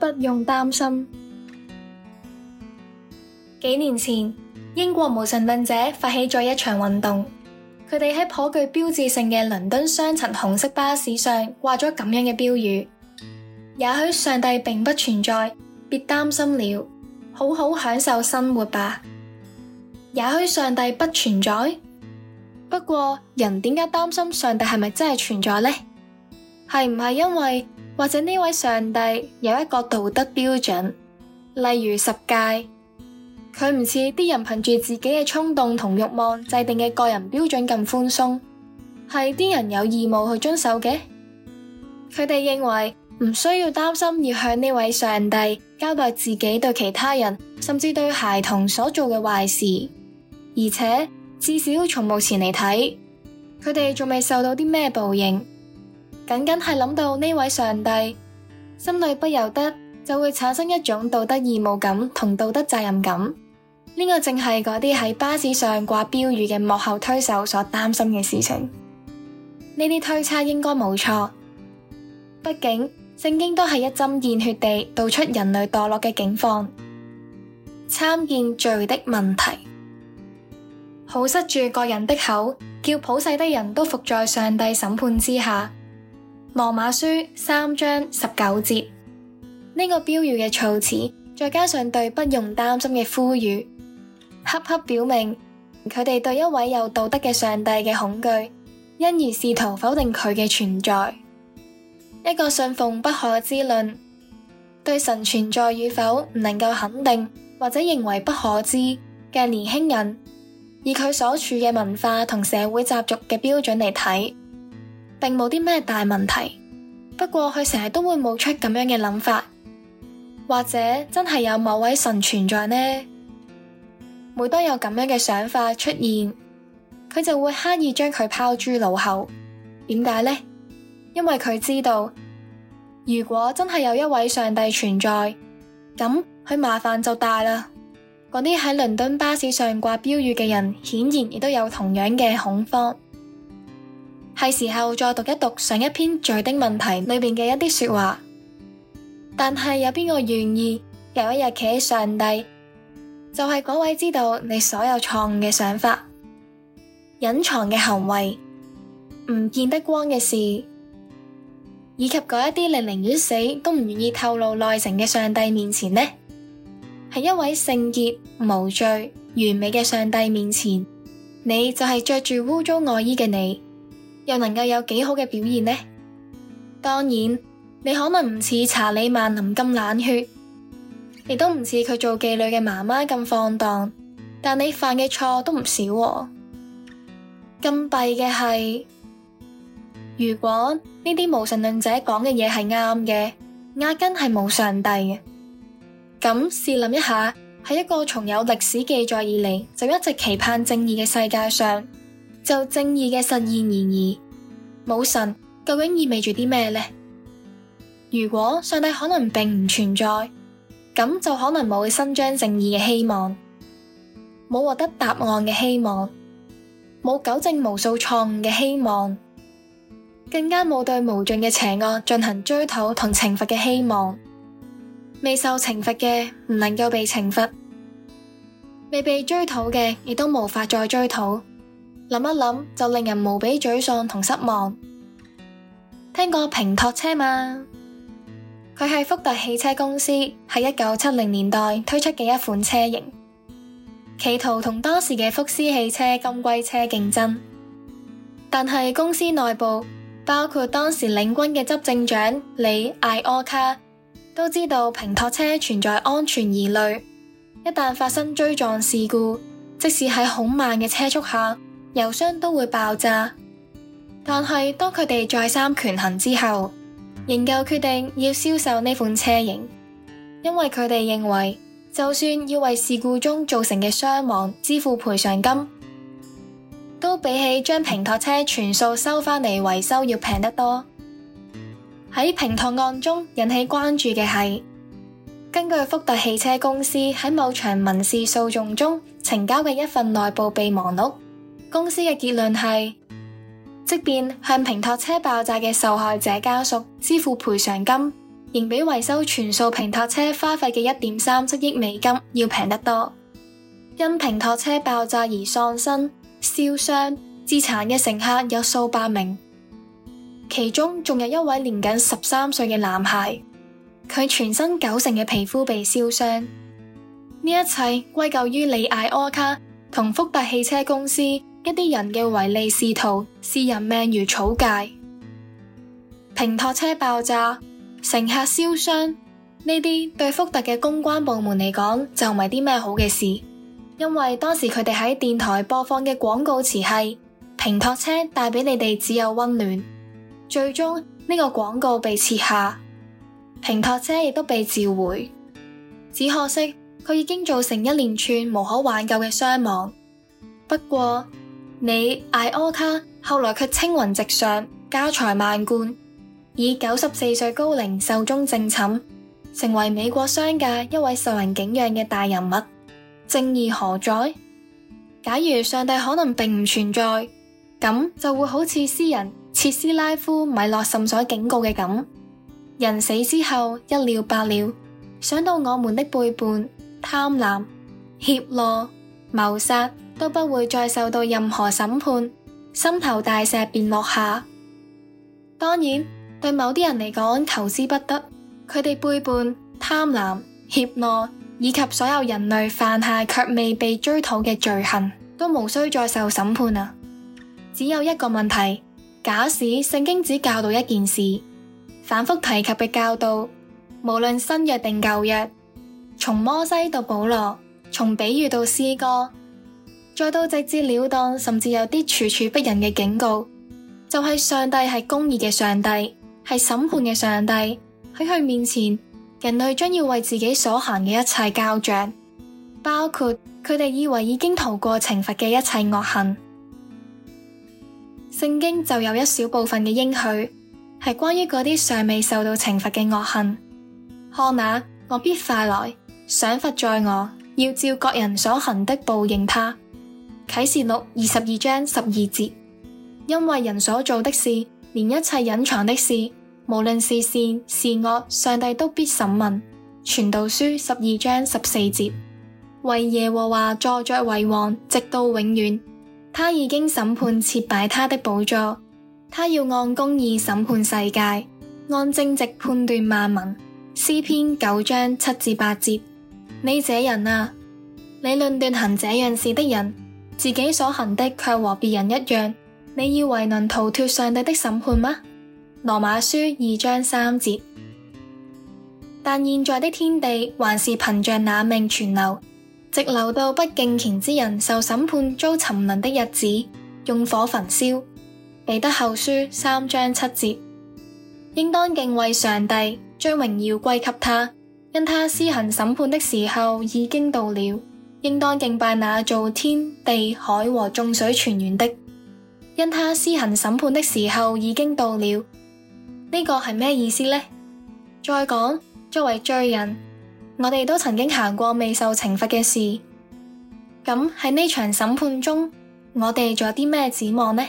不用擔心。幾年前，英國無神論者發起咗一場運動，佢哋喺頗具標誌性嘅倫敦雙層紅色巴士上掛咗咁樣嘅標語：「也許上帝並不存在，別擔心了，好好享受生活吧。」也許上帝不存在，不過人點解擔心上帝係咪真係存在呢？係唔係因為或者呢位上帝有一個道德標準，例如十誡？佢唔似啲人憑住自己嘅衝動同欲望制定嘅個人標準咁寬鬆，係啲人有義務去遵守嘅。佢哋認為唔需要擔心要向呢位上帝交代自己對其他人甚至對孩童所做嘅壞事，而且至少從目前嚟睇，佢哋仲未受到啲咩報應。僅僅係諗到呢位上帝，心裏不由得就會產生一種道德義務感同道德責任感。呢、這個正係嗰啲喺巴士上掛標語嘅幕後推手所擔心嘅事情。呢啲推測應該冇錯，畢竟聖經都係一針見血地道出人類墮落嘅境況。參見罪的問題，好塞住各人的口，叫普世的人都服在上帝審判之下。《羅馬書》三章十九節，呢、這個標語嘅措辭，再加上對不用擔心嘅呼籲，恰恰表明佢哋對一位有道德嘅上帝嘅恐懼，因而試圖否定佢嘅存在。一個信奉不可知論，對神存在與否唔能夠肯定或者認為不可知嘅年輕人，以佢所處嘅文化同社會習俗嘅標準嚟睇。並冇啲咩大問題，不過佢成日都會冒出咁樣嘅諗法，或者真係有某位神存在呢？每當有咁樣嘅想法出現，佢就會刻意將佢拋諸腦後。點解呢？因為佢知道，如果真係有一位上帝存在，咁佢麻煩就大啦。嗰啲喺倫敦巴士上掛標語嘅人，顯然亦都有同樣嘅恐慌。係時候再讀一讀上一篇罪的問題裏面嘅一啲說話，但係有邊個願意有一日企喺上帝，就係嗰位知道你所有錯誤嘅想法、隱藏嘅行為、唔見得光嘅事，以及嗰一啲你寧願死都唔願意透露內情嘅上帝面前呢？喺一位聖潔、無罪、完美嘅上帝面前，你就係着住污糟外衣嘅你，又能夠有幾好嘅表現呢？當然，你可能唔似查理曼林咁冷血，亦都唔似佢做妓女嘅媽媽咁放蕩，但你犯嘅錯都唔少喎。咁弊嘅係，如果呢啲無神論者講嘅嘢係啱嘅，壓根係冇上帝嘅，咁試諗一下，喺一個從有歷史記載以嚟就一直期盼正義嘅世界上，就正義嘅實現而言，冇神究竟意味住啲咩呢？如果上帝可能並唔存在，咁就可能冇伸張正義嘅希望，冇獲得答案嘅希望，冇糾正無數錯誤嘅希望，更加冇對無盡嘅邪惡進行追討同懲罰嘅希望。未受懲罰嘅唔能夠被懲罰，未被追討嘅亦都無法再追討。諗一諗就令人無比沮喪同失望。聽過平托車嘛？佢係福特汽車公司喺一九七零年代推出嘅一款車型，企圖同當時嘅福斯汽車金龜車競爭。但係公司內部包括當時領軍嘅執政長李艾柯卡都知道平托車存在安全疑慮，一旦發生追撞事故，即使喺好慢嘅車速下。油箱都會爆炸，但係當佢哋再三權衡之後，仍舊決定要銷售呢款車型，因為佢哋認為，就算要為事故中造成嘅傷亡支付賠償金，都比起將平托車全數收返嚟維修要平得多。喺平托案中引起關注嘅係，根據福特汽車公司喺某場民事訴訟中呈交嘅一份內部備忘錄。公司嘅結論係，即便向平托車爆炸嘅受害者家屬支付賠償金，仍比維修全數平托車花費嘅一點三七億美金要平得多。因平托車爆炸而喪生、燒傷、致殘嘅乘客有數百名，其中仲有一位年僅十三歲嘅男孩，佢全身九成嘅皮膚被燒傷。呢一切歸咎於李艾柯卡同福特汽車公司。一啲人嘅唯利是圖，視人命如草芥。平托車爆炸，乘客燒傷，呢啲對福特嘅公關部門嚟講就唔係啲咩好嘅事，因為當時佢哋喺電台播放嘅廣告詞係平托車帶俾你哋只有溫暖。最終呢個廣告被撤下，平托車亦都被召回，只可惜佢已經造成一連串無可挽救嘅傷亡。不過，你艾柯卡，後來卻青雲直上，家財萬貫，以九十四歲高齡壽終正寢，成為美國商界一位受人敬仰嘅大人物。正義何在？假如上帝可能並唔存在，咁就會好似詩人切斯拉夫米洛什所警告嘅咁：人死之後一了百了，想到我們的背叛、貪婪、怯懦。謀殺都不會再受到任何審判，心頭大石便落下。當然，對某啲人嚟講，求之不得。佢哋背叛、貪婪、怯懦，以及所有人類犯下卻未被追討嘅罪行，都無需再受審判啊！只有一個問題：假使聖經只教導一件事，反復提及嘅教導，無論新約定舊約，從摩西到保羅，從比喻到詩歌，再到直接了當，甚至有啲處處不仁嘅警告，就係上帝係公義嘅上帝，係審判嘅上帝。喺佢面前，人類將要為自己所行嘅一切交賬，包括佢哋以為已經逃過懲罰嘅一切惡行。聖經就有一小部分嘅應許係關於嗰啲尚未受到懲罰嘅惡行。看哪，我必快來，賞罰在我，要照各人所行的報應他。啟示錄二十二章十二節。因為人所做的事，連一切隱藏的事，無論是善是惡，上帝都必審問。傳道書十二章十四節。為耶和華坐著為王，直到永遠。他已經審判，切擺他的寶座。他要按公義審判世界，按正直判斷萬民。詩篇九章七至八節。你這人啊，你論斷行這樣事的人，自己所行的卻和別人一樣，你以為能逃脫上帝的審判嗎？羅馬書二章三節。但現在的天地還是憑著那命存留，直留到不敬虔之人受審判遭沉淪的日子，用火焚燒。彼得後書三章七節，應當敬畏上帝，將榮耀歸給他。因他施行審判的時候已經到了，應當敬拜那造天地海和眾水泉源的。因他施行審判的時候已經到了，呢、這個係咩意思呢？再講，作為罪人，我哋都曾經行過未受懲罰嘅事，咁喺呢場審判中，我哋仲有啲咩指望呢？